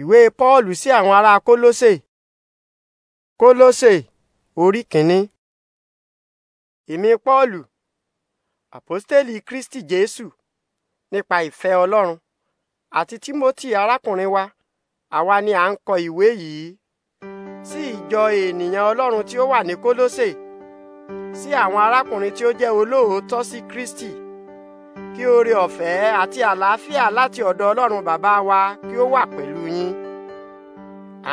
ìwé Paul sí àwọn ará Kólósè Kólósè orí kìíní. Èmi Pọ́ọ̀lù, àpọ́stélì Kristi Jésù nípa ìfẹ́ Ọlọ́run àti Tímótì arákùnrin wa, àwa ni à ń kọ ìwé yìí sí ìjọ ènìyàn Ọlọ́run tí ó wà ní Kólósè sí àwọn arákùnrin tí ó jẹ́ olóòótọ́ sí Kristi kí oore ọ̀fẹ́ àti àlàáfíà láti ọ̀dọ̀ ọlọ́run bàbá wa kí ó wà pẹ̀lú yín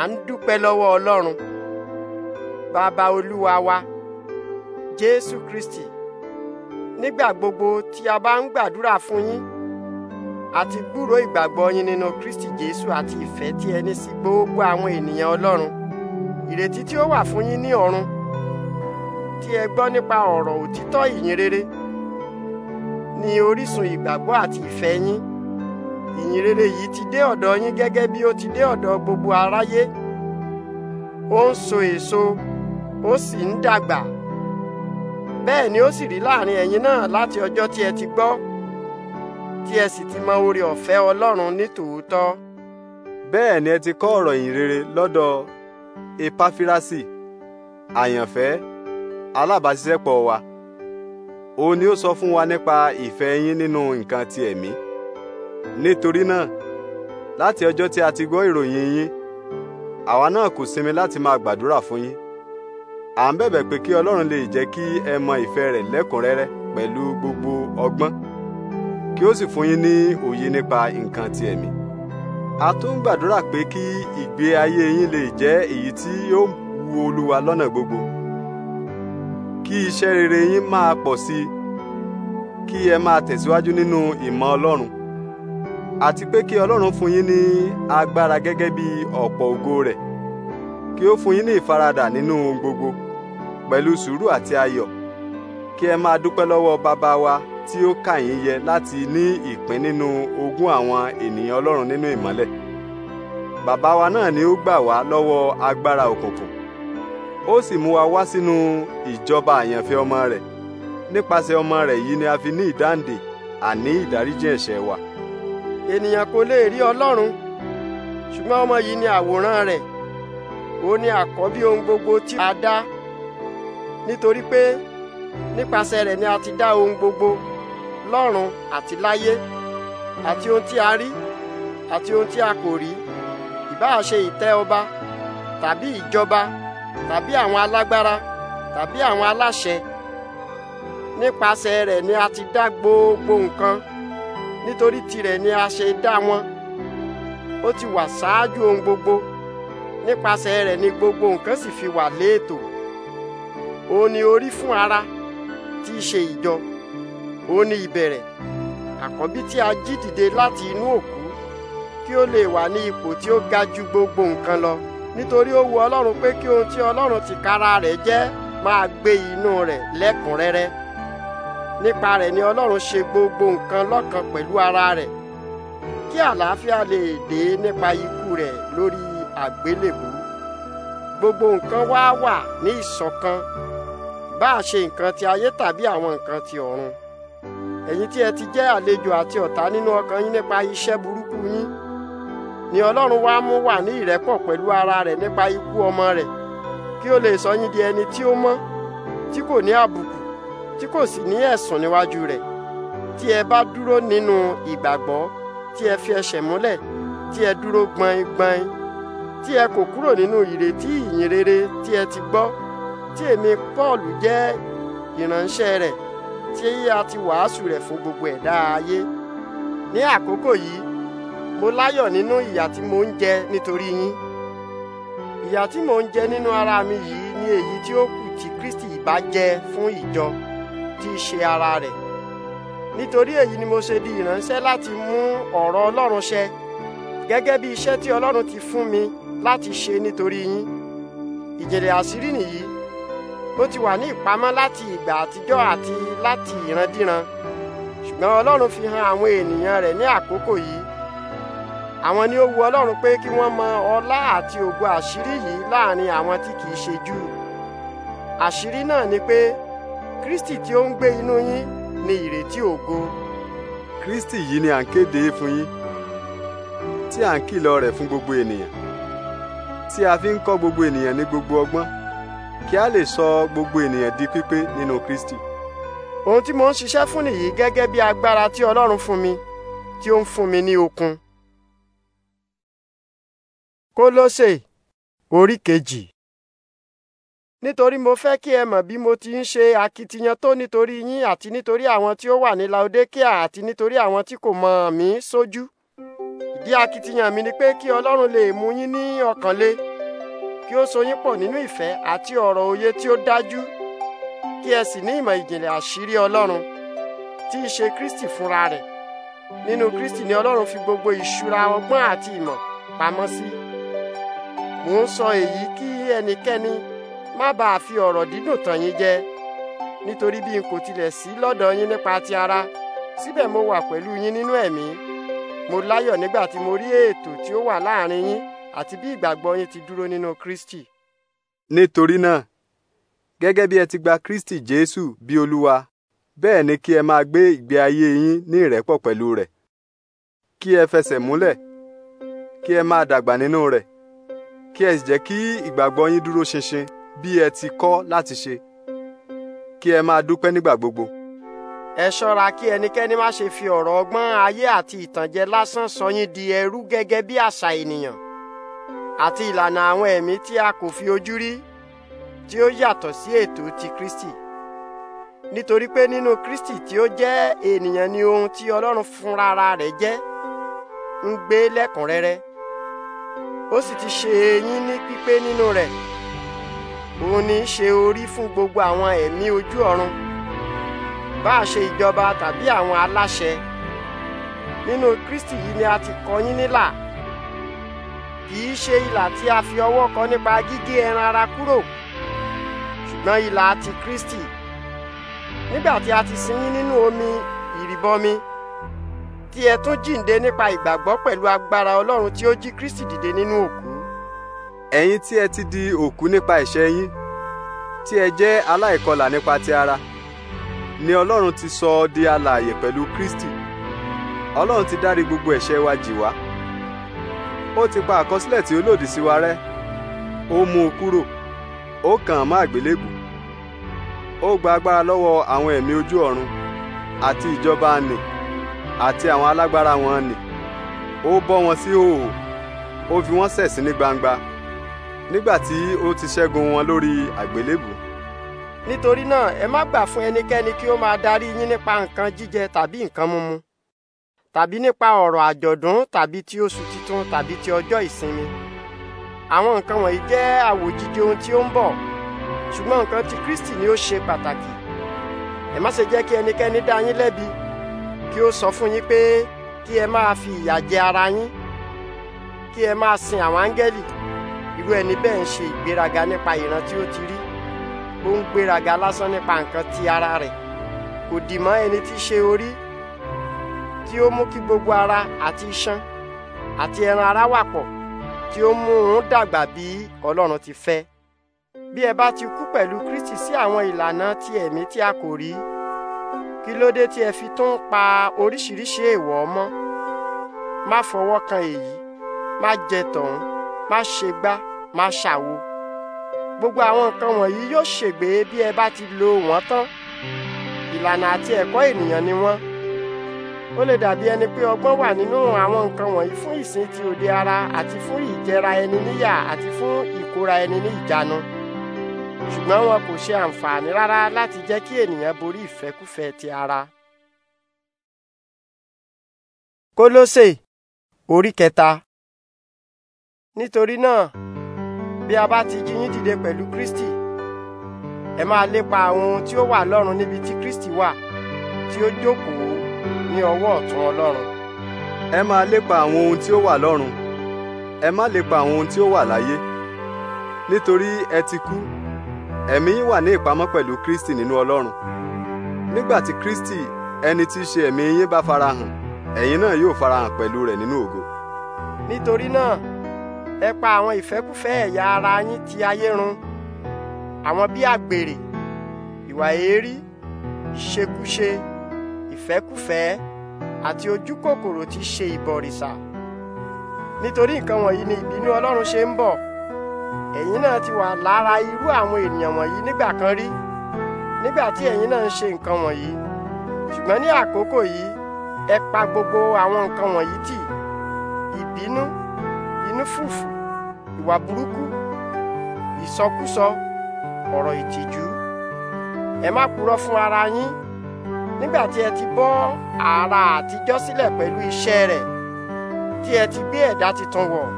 à ń dúpẹ́ lọ́wọ́ ọlọ́run bàbá olúwa wa jésù kristi nígbà gbogbo tí a bá ń gbàdúrà fún yín àti gbúrò ìgbàgbọ́ yín nínú kristi jésù àti ìfẹ́ tí ẹ ní sí gbogbo àwọn ènìyàn ọlọ́run ìrètí tí ó wà fún yín ní ọ̀run tí ẹ gbọ́ nípa ọ̀rọ̀ òtítọ́ ìyìn rere ni orísun ìgbàgbọ́ àti ìfẹ́ yín ìyìn yìí ti dé ọ̀dọ̀ yín gẹ́gẹ́ bí ó ti dé ọ̀dọ̀ gbogbo aráyé ó ń so èso ó sì ń dàgbà bẹ́ẹ̀ ni ó sì rí láàrin ẹ̀yin náà láti ọjọ́ tí ẹ ti gbọ́ tí ẹ sì ti mọ oore ọ̀fẹ́ Ọlọ́run ní tòótọ́ bẹ́ẹ̀ ni ẹ ti kọ́ ọ̀rọ̀ ìyìn rere lọ́dọ̀ Epafirasi àyànfẹ́ alábàáṣiṣẹ́pọ̀ wa òun ni ó sọ fún wa nípa ìfẹ́ yín nínú nǹkan ti ẹ̀mí nítorí náà láti ọjọ́ tí a ti gbọ́ ìròyìn yín àwa náà kò sinmi láti máa gbàdúrà fún yín à ń bẹ̀bẹ̀ pé kí ọlọ́run lè jẹ́ kí ẹ mọ ìfẹ́ rẹ̀ lẹ́kùnrẹ́rẹ́ pẹ̀lú gbogbo ọgbọ́n kí ó sì fún yín ní òye nípa nǹkan ti ẹ̀mí a tún ń gbàdúrà pé kí ìgbé ayé yín lè jẹ́ èyí tí yóò wu olúwa lọ́nà gbogbo kí iṣẹ́ rere yín máa pọ̀ sí i kí ẹ máa tẹ̀síwájú nínú ìmọ̀ Ọlọ́run àti pé kí Ọlọ́run fún yín ní agbára gẹ́gẹ́ bí ọ̀pọ̀ ògo rẹ̀ kí ó fún yín ní ìfaradà nínú gbogbo pẹ̀lú sùúrù àti ayọ̀ kí ẹ máa dúpẹ́ lọ́wọ́ bàbá wa tí ó kà yín yẹ láti ní ìpín nínú ogún àwọn ènìyàn Ọlọ́run nínú ìmọ́lẹ̀ bàbá wa náà ni ó gbà wá lọ́wọ́ agbára òkùnkùn ó sì mú wa wá sínú ìjọba àyànfẹ́ ọmọ rẹ̀ nípasẹ̀ ọmọ rẹ̀ yìí ni a fi ní ìdáǹdè àní ìdáríjì ẹ̀ṣẹ̀ wa. ènìyàn kò lè rí ọlọ́run ṣùgbọ́n ọmọ yìí ni àwòrán rẹ̀ ó ní àkọ́bí ohun gbogbo tí a dá nítorí pé nípasẹ̀ rẹ̀ ni a ti dá ohun gbogbo lọ́run àti láyé àti ohun tí a rí àti ohun tí a kò rí ìbáà ṣe ìtẹ́ ọba tàbí ìjọba tàbí àwọn alágbára tàbí àwọn aláṣẹ nípasẹ̀ rẹ̀ ni a ti dá gbogbo nǹkan nítorí tirẹ̀ ni a ṣe dá wọn ó ti wà ṣáájú ohun gbogbo nípasẹ̀ rẹ̀ ni gbogbo nǹkan sì fi wà léètò òun ni orí fún ara tí í ṣe ìjọ òun ni ìbẹ̀rẹ̀ àkọ́bí tí a jí dìde láti inú òkú kí ó lè wà ní ipò tí ó ga ju gbogbo nǹkan lọ nítorí ó wu ọlọ́run pé kí ohun tí ọlọ́run tìkára rẹ̀ jẹ́ máa gbé inú rẹ̀ lẹ́kùnrẹ́rẹ́ nípa rẹ̀ ni ọlọ́run ṣe gbogbo nǹkan lọ́kan pẹ̀lú ara rẹ̀ kí àlàáfíà lè dé nípa ikú rẹ̀ lórí àgbélébù gbogbo nǹkan wá wà ní ìṣọ̀kan bá a ṣe nǹkan ti ayé tàbí àwọn nǹkan ti ọ̀run ẹ̀yin tí ẹ ti jẹ́ àlejò àti ọ̀tá nínú ọkàn yín nípa iṣẹ́ burúkú yín ni ọlọ́run wá mú wà ní ìrẹ́pọ̀ pẹ̀lú ara rẹ̀ nípa ikú ọmọ rẹ̀ kí ó lè sọ yín di ẹni tí ó mọ́ tí kò ní àbùkù tí kò sì ní ẹ̀sùn níwájú rẹ̀ tí ẹ bá dúró nínú ìgbàgbọ́ tí ẹ fi ẹsẹ̀ múlẹ̀ tí ẹ dúró gbọ̀ngbọ̀n tí ẹ kò kúrò nínú ìrètí ìyìn rere tí ẹ ti gbọ́ tí èmi Paul jẹ́ ìránṣẹ́ rẹ̀ tí a ti wàásù rẹ̀ fún gbogbo ẹ̀dá ayé ní àkókò yìí mo láyọ̀ nínú ìyà tí mo ń jẹ nítorí yín ìyà tí mo ń jẹ nínú ara mi yìí ni èyí tí ó kù tí Kristi ìbá jẹ fún ìjọ tí í ṣe ara rẹ̀ nítorí èyí ni mo ṣe di ìránṣẹ́ láti mú ọ̀rọ̀ Ọlọ́run ṣẹ gẹ́gẹ́ bí iṣẹ́ tí Ọlọ́run ti fún mi láti ṣe nítorí yín ìjìnlẹ̀ àṣírí nìyí ó ti wà ní ìpamọ́ láti ìgbà àtijọ́ àti láti ìrandíran ṣùgbọ́n Ọlọ́run fi hàn àwọn ènìyàn rẹ̀ ní àkókò yìí àwọn ni ó wu ọlọ́run pé kí wọ́n mọ ọlá àti ògo àṣírí yìí láàrin àwọn tí kìí ṣe Júù àṣírí náà ni pé Kristi tí ó ń gbé inú yín ni ìrètí ògo. Kristi yìí ni à ń kéde fún yín tí à ń kìlọ̀ rẹ̀ fún gbogbo ènìyàn tí a fi ń kọ́ gbogbo ènìyàn ní gbogbo ọgbọ́n kí a lè sọ gbogbo ènìyàn di pípé nínú Kristi. ohun tí mo ń ṣiṣẹ́ fún nìyí gẹ́gẹ́ bí agbára tí Ọlọ́run fún mi tí ó ń fún mi ní okun. Kólósè orí kejì. Nítorí mo fẹ́ kí ẹ mọ̀ bí mo ti ń ṣe akitiyan tó nítorí yín àti nítorí àwọn tí ó wà ní Laodékíà àti nítorí àwọn tí kò mọ̀ mí sójú. Ìdí akitiyan mi ni pé kí Ọlọ́run lè mú yín ní ọkàn le, kí ó so yín pọ̀ nínú ìfẹ́ àti ọ̀rọ̀ òye tí ó dájú, kí ẹ sì ní ìmọ̀ ìjìnlẹ̀ àṣírí Ọlọ́run tí í ṣe Kristi fúnra rẹ̀. Nínú Kristi ni Ọlọ́run fi gbogbo ìṣúra ọgbọ́n àti ìmọ̀ pamọ́ sí. Si mò ń sọ èyí kí ẹnikẹ́ni má bàa fi ọ̀rọ̀ dídùn tàn yín jẹ nítorí bí n kò tilẹ̀ sí lọ́dọ̀ yín nípa ti ara síbẹ̀ mo wà pẹ̀lú yín nínú ẹ̀mí mo láyọ̀ nígbà tí mo rí ètò tí ó wà láàrin yín àti bí ìgbàgbọ́ yín ti dúró nínú Kristi. nítorí náà gẹ́gẹ́ bí ẹ ti gba Kristi Jésù bí Olúwa bẹ́ẹ̀ ni kí ẹ máa gbé ìgbé ayé yín ní ìrẹ́pọ̀ pẹ̀lú rẹ̀ kí ẹ fẹsẹ̀ múlẹ̀ kí ẹ máa dàgbà nínú rẹ̀ kí ẹ sì jẹ́ kí ìgbàgbọ́ yín dúró ṣinṣin bí ẹ ti kọ́ láti ṣe kí ẹ máa dúpẹ́ nígbà gbogbo. ẹ ṣọ́ra kí ẹnikẹ́ni má ṣe fi ọ̀rọ̀ ọgbọ́n ayé àti ìtànjẹ lásán sọ yín di ẹrú gẹ́gẹ́ bí àṣà ènìyàn àti ìlànà àwọn ẹ̀mí tí a kò fi ojú rí tí ó yàtọ̀ sí ètò ti Kristi nítorí pé nínú Kristi tí ó jẹ́ ènìyàn ni ohun tí Ọlọ́run fúnra rẹ̀ jẹ́ ń gbé lẹ́kùnrẹ́rẹ́ ó sì ti ṣe yín ní pípé nínú rẹ̀ òun ní í ṣe orí fún gbogbo àwọn ẹ̀mí ojú ọ̀run bá a ṣe ìjọba tàbí àwọn aláṣẹ nínú Kristi yìí ni a ti kọ yín nílà kì í ṣe ìlà tí a fi ọwọ́ kọ nípa gígé ẹran ara kúrò ṣùgbọ́n ìlà ti Kristi nígbà tí a ti sin yín nínú omi ìrìbọmi tí ẹ tún jíǹde nípa ìgbàgbọ́ pẹ̀lú agbára Ọlọ́run tí ó jí Kristi dìde nínú òkú. Ẹ̀yin tí ẹ ti di òkú nípa ìṣẹ́ yín tí ẹ jẹ́ aláìkọlà nípa ti ara ni Ọlọ́run ti sọ ọ́ di alààyè pẹ̀lú Kristi Ọlọ́run ti dárí gbogbo ẹ̀ṣẹ̀ wa jì wá ó ti pa àkọsílẹ̀ tí ó lòdì sí wa rẹ́ ó mú un kúrò ó kàn án mọ́ àgbélébù ó gba agbára lọ́wọ́ àwọn ẹ̀mí ojú ọ̀run àti ìjọba ànì àti àwọn alágbára wọn nì ó bọ́ wọn sí òhò ó fi wọ́n ṣẹ̀sín ní gbangba nígbà tí ó ti ṣẹ́gun wọn lórí àgbélébùú. nítorí náà ẹ má gbà fún ẹnikẹ́ni kí ó máa darí yín nípa nǹkan jíjẹ tàbí nǹkan mímu tàbí nípa ọ̀rọ̀ àjọ̀dún tàbí ti oṣù titun tàbí ti ọjọ́ ìsinmi àwọn nǹkan wọ̀nyí jẹ́ àwòjíjẹ ohun tí ó ń bọ̀ ṣùgbọ́n nǹkan ti Kristi ni ó ṣe pàtàkì ẹ má ṣe jẹ́ kí ẹnikẹ́ni dá yín lẹ́bi kí ó sọ fún yín pé kí ẹ máa fi ìyà jẹ ara yín kí ẹ máa sin àwọn áńgẹ́lì irú ẹni bẹ́ẹ̀ ń ṣe ìgbéraga nípa ìran tí ó ti rí ó ń gbéraga lásán nípa nǹkan ti ara rẹ̀ kò dì mọ́ ẹni tí ṣe orí tí ó mú kí gbogbo ara àti iṣan àti ẹran ara wà pọ̀ tí ó mú un dàgbà bí Ọlọ́run ti fẹ́ bí ẹ bá ti kú pẹ̀lú Kristi sí àwọn ìlànà ti ẹ̀mí tí a kò rí kí ló dé tí ẹ fi tún ń pa oríṣiríṣi èèwọ̀ mọ́ má fọwọ́ kan èyí má jẹ tọ̀hún má ṣe gbá má ṣàwo gbogbo àwọn nǹkan wọ̀nyí yóò ṣègbé bí ẹ bá ti lo wọ́n tán ìlànà àti ẹ̀kọ́ ènìyàn ni wọ́n ó lè dàbí ẹni pé ọgbọ́n wà nínú àwọn nǹkan wọ̀nyí fún ìsìn ti òde ara àti fún ìjẹra ẹni níyà àti fún ìkóra ẹni ní ìjánu ṣùgbọ́n wọn kò ṣe àǹfààní rárá láti jẹ́ kí ènìyàn borí ìfẹ́kúfẹ́ ti ara. Kólósè orí kẹta nítorí náà bí a bá ti jí yín dìde pẹ̀lú Kristi ẹ máa lépa àwọn ohun tí ó wà lọ́run níbi tí Kristi wà tí ó jókòó ní ọwọ́ ọ̀tún Ọlọ́run. ẹ máa lépa àwọn ohun tí ó wà lọ́run ẹ má lépa àwọn ohun tí ó wà láyé nítorí ẹ ti kú ẹ̀mí yín wà ní ìpamọ́ pẹ̀lú Kristi nínú Ọlọ́run nígbà tí Kristi ẹni tí í ṣe ẹ̀mí yín bá farahàn ẹ̀yin náà yóò farahàn pẹ̀lú rẹ̀ nínú ògo. nítorí náà ẹ pa àwọn ìfẹ́kúfẹ́ ẹ̀yà ara yín ti ayé run àwọn bíi àgbèrè ìwà èérí ìṣekúṣe ìfẹ́kúfẹ́ àti ojú kòkòrò tí ṣe ìbọ̀rìṣà nítorí nǹkan wọ̀nyí ni ìbínú Ọlọ́run ṣe ń bọ̀ ẹ̀yin náà ti wà lára irú àwọn ènìyàn wọ̀nyí nígbà kan rí nígbà tí ẹ̀yin náà ń ṣe nǹkan wọ̀nyí ṣùgbọ́n ní àkókò yìí ẹ pa gbogbo àwọn nǹkan wọ̀nyí tì ìbínú inú fùfù ìwà burúkú ìsọkúsọ ọ̀rọ̀ ìtìjú ẹ má purọ́ fún ara yín nígbà tí ẹ ti bọ́ ara àtijọ́ sílẹ̀ pẹ̀lú iṣẹ́ rẹ̀ tí ẹ ti gbé ẹ̀dá tuntun wọ̀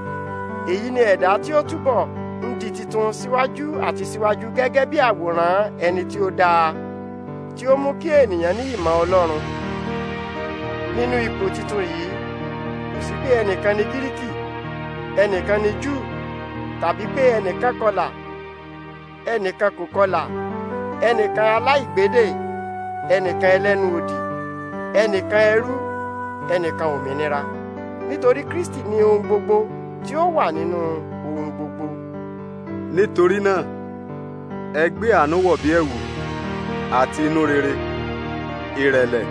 èyí ni ẹ̀dá tí ó túbọ̀ ń di titun síwájú àti síwájú gẹ́gẹ́ bí àwòrán ẹni tí ó dáa tí ó mú kí ènìyàn ní ìmọ̀ Ọlọ́run nínú ipò titun yìí kò sí pé ẹnìkan ni Gíríkì ẹnìkan ni Júù tàbí pé ẹnìkan kọlà ẹnìkan kò kọlà ẹnìkan aláìgbédè ẹnìkan ẹlẹ́nu òdì ẹnìkan ẹrú ẹnìkan òmìnira nítorí Kristi ni ohun gbogbo tí ó wà nínú. No nítorí náà ẹ gbé àánú wọ̀ bí ẹ̀wù àti inú rere ìrẹ̀lẹ̀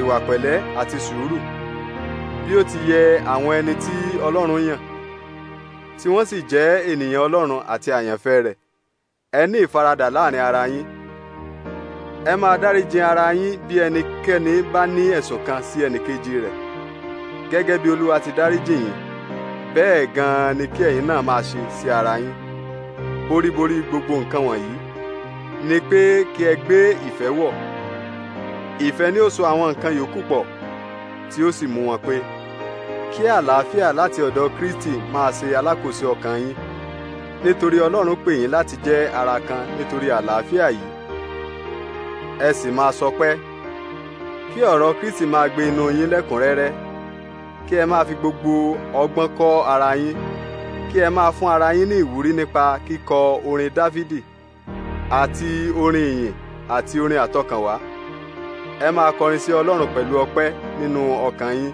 ìwà pẹ̀lẹ́ àti sùúrù bí ó ti yẹ àwọn ẹni tí Ọlọ́run yàn tí wọ́n sì jẹ́ ènìyàn Ọlọ́run àti àyànfẹ́ rẹ̀ ẹ ní ìfaradà láàrin ara yín ẹ máa dáríjì ara yín bí ẹnikẹ́ni bá ní ẹ̀sùn kan sí ẹnìkejì rẹ̀ gẹ́gẹ́ bí Olúwa ti dáríjì yín bẹ́ẹ̀ gan-an ni kí ẹ̀yin náà máa ṣe sí ara yín boríborí gbogbo nǹkan wọ̀nyí ni pé kí ẹ gbé ìfẹ́ wọ̀ ìfẹ́ ni ó so àwọn nǹkan yòókù pọ̀ tí ó sì mú wọn pé kí àlàáfíà láti ọ̀dọ̀ Kristi máa ṣe alákòóso ọkàn yín nítorí Ọlọ́run pè yín láti jẹ́ ara kan nítorí àlàáfíà yìí ẹ sì máa sọpẹ́ kí ọ̀rọ̀ Kristi máa gbé inú yín lẹ́kùnrẹ́rẹ́ kí ẹ máa fi gbogbo ọgbọ́n kọ́ ara yín kí ẹ máa fún ara yín ní ìwúrí nípa kíkọ orin dávídì àti orin ìyìn àti orin àtọkànwá ẹ máa kọrin sí ọlọ́run pẹ̀lú ọpẹ́ nínú ọkàn yín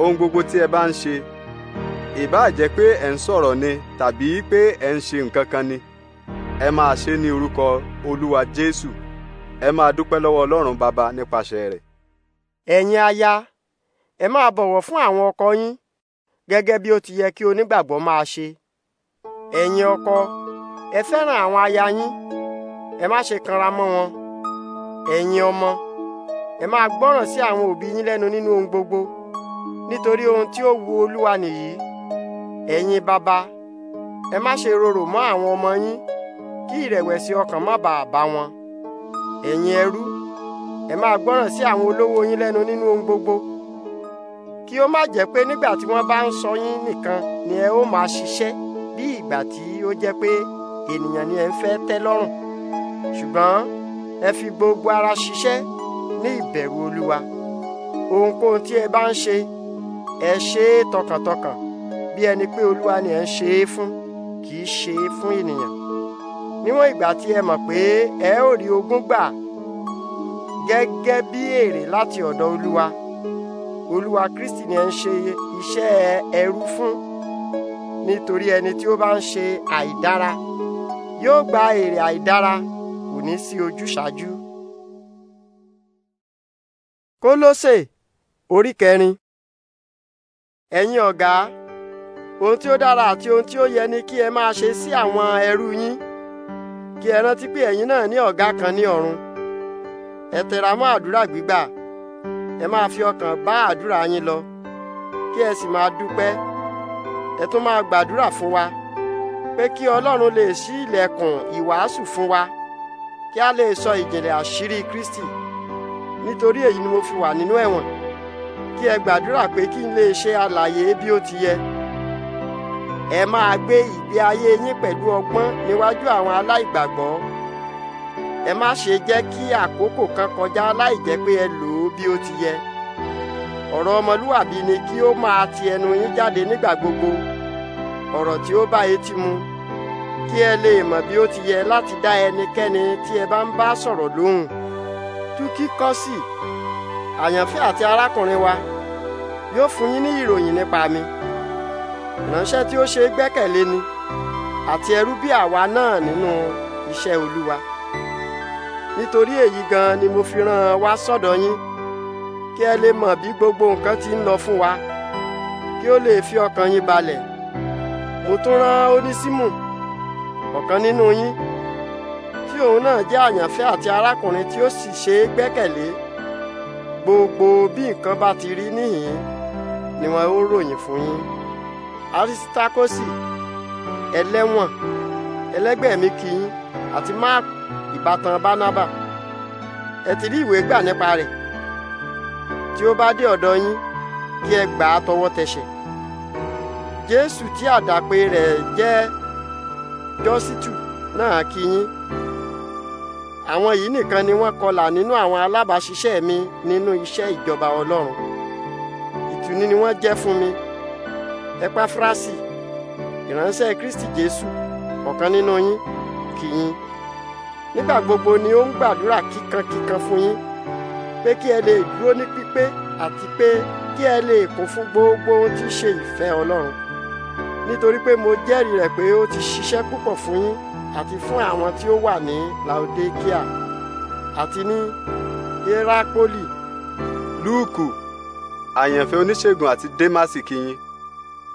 ohun gbogbo tí ẹ bá ń ṣe ìbáà jẹ́ pé ẹ ń sọ̀rọ̀ ni tàbí pé ẹ ń ṣe nǹkan kan ni ẹ máa ṣe ní orúkọ olúwa jésù ẹ máa dúpẹ́ lọ́wọ́ ọlọ́run bàbá nípasẹ̀ rẹ̀. ẹ̀yin aya ẹ máa bọ̀wọ̀ fún àwọn ọkọ yín gẹ́gẹ́ bí ó ti yẹ kí onígbàgbọ́ máa ṣe ẹ̀yin ọkọ ẹ fẹ́ràn àwọn aya yín ẹ má ṣe kanra mọ́ wọn ẹ̀yin ọmọ ẹ máa gbọ́ràn sí àwọn òbí yín lẹ́nu nínú ohun gbogbo nítorí ohun tí ó wu olúwa nìyí ẹ̀yin bàbá ẹ má ṣe rorò ọmọ yín kí ìrẹ̀wẹ̀sì ọkàn má bàa bá wọn ẹ̀yin ẹrú ẹ máa gbọ́ràn sí àwọn olówó yín lẹ́nu gbogbo kí ó má jẹ́ pé nígbà tí wọ́n bá ń sọ yín nìkan ni ẹ ó máa ṣiṣẹ́ bí ìgbà tí ó jẹ́ pé ènìyàn ni ẹ ń fẹ́ tẹ́ lọ́rùn ṣùgbọ́n ẹ fi gbogbo ara ṣiṣẹ́ ní ìbẹ̀rù olúwa ohunkóhun tí ẹ bá ń ṣe ẹ ṣe é tọkàntọkàn bí ẹni pé olúwa ni ẹ ń ṣe é fún kì í ṣe é fún ènìyàn níwọ̀n ìgbà tí ẹ mọ̀ pé ẹ ó rí ogún gbà gẹ́gẹ́ bí èrè láti ọ̀dọ̀ olúwa olúwa kristi ni ẹ ń ṣe iṣẹ́ ẹrú fún nítorí ẹni tí ó bá ń ṣe àìdára yóò gba èrè àìdára kò ní sí ojúṣàájú. kólósè orí kẹrin ẹ̀yin ọ̀gá ohun tí ó dára àti ohun tí ó yẹ ni kí ẹ máa ṣe sí àwọn ẹrú yín kí ẹ rántí pé ẹ̀yin náà ní ọ̀gá kan ní ọ̀run ẹ tẹra mọ́ àdúrà gbígbà ẹ máa fi ọkàn bá àdúrà yín lọ kí ẹ sì máa dúpẹ́ ẹ tún máa gbàdúrà fún wa pé kí Ọlọ́run lè ṣí ilẹ̀kùn ìwàásù fún wa kí a lè sọ ìjìnlẹ̀ àṣírí Kristi nítorí èyí ni mo fi wà nínú ẹ̀wọ̀n kí ẹ gbàdúrà pé kí n lè ṣe àlàyé bí ó ti yẹ ẹ máa gbé ìgbé ayé yín pẹ̀lú ọgbọ́n níwájú àwọn aláìgbàgbọ́ ẹ má ṣe jẹ́ kí àkókò kan kọjá láì jẹ́ pé ẹ lò ó bí ó ti yẹ ọ̀rọ̀ ọmọlúwàbí ni kí ó máa ti ẹnu yín jáde nígbà gbogbo ọ̀rọ̀ tí ó bá etí mu kí ẹ lè mọ̀ bí ó ti yẹ láti dá ẹnikẹ́ni tí ẹ bá ń bá sọ̀rọ̀ lóhùn túkíkọ́sì àyànfẹ́ àti arákùnrin wa yóò fún yín ní ìròyìn nípa mi ìránṣẹ́ tí ó ṣe gbẹ́kẹ̀lé ni àti ẹrú bí àwa náà nínú iṣẹ́ olúwa nítorí èyí gan ni mo fi rán wá sọ́dọ̀ yín kí ẹ lè mọ̀ bí gbogbo nǹkan ti ń lọ fún wa kí ó lè fi ọkàn yín balẹ̀ mo tún rán onísímù ọ̀kan nínú yín tí òun náà jẹ́ àyànfẹ́ àti arákùnrin tí ó sì ṣe é gbẹ́kẹ̀lé gbogbo bí nǹkan bá ti rí níhìn ni wọn ó ròyìn fún yín arisitakosi ẹlẹ́wọ̀n ẹlẹ́gbẹ́ mi kì í àti máàpù ìbátan Bánábà ẹ ti rí ìwé gbà nípa rẹ̀ tí ó bá dé ọ̀dọ̀ yín kí ẹ gbà á tọwọ́ tẹsẹ̀ Jésù tí àdàpè rẹ̀ jẹ́ Jọ́sítù náà kí yín àwọn yìí nìkan ni wọ́n kọlà nínú àwọn alábàáṣiṣẹ́ mi nínú iṣẹ́ ìjọba Ọlọ́run ìtùnú ni wọ́n jẹ́ fún mi Epafrasi ìránṣẹ́ Kristi Jésù ọ̀kan nínú yín kí yín nígbà gbogbo ni ó ń gbàdúrà kíkankíkan fún yín pé kí ẹ lè dúró ní pípé àti pé kí ẹ lè kún fún gbogbo ohun tí í ṣe ìfẹ́ Ọlọ́run nítorí pé mo jẹ́rìí rẹ̀ pé ó ti ṣiṣẹ́ púpọ̀ fún yín àti fún àwọn tí ó wà ní Laodikia àti ní Hierapoli Lúùkù àyànfẹ́ oníṣègùn àti Démásì kí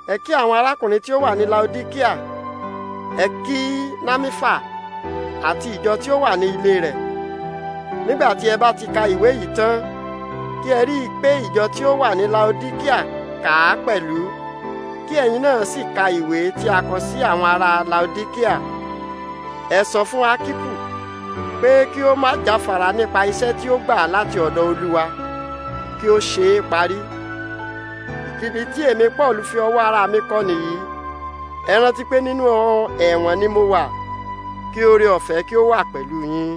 ẹ kí àwọn arákùnrin tí ó wà ní Laodikia ẹ kí Námífà àti ìjọ tí ó wà ní ilé rẹ̀ nígbà tí ẹ bá ti ka ìwé yìí tán kí ẹ rí i pé ìjọ tí ó wà ní Laodikia kà á pẹ̀lú kí ẹ̀yin náà sì ka ìwé tí a kọ sí àwọn ará Laodikia ẹ sọ fún Akipu pé kí ó má jáfara nípa iṣẹ́ tí ó gbà láti ọ̀dọ̀ Olúwa kí ó ṣe é parí ìkíni tí èmi Paul fi ọwọ́ ara mi kọ nìyí ẹ rántí pé nínú ẹ̀wọ̀n ni mo wà kí oore ọ̀fẹ́ kí ó wà pẹ̀lú yín.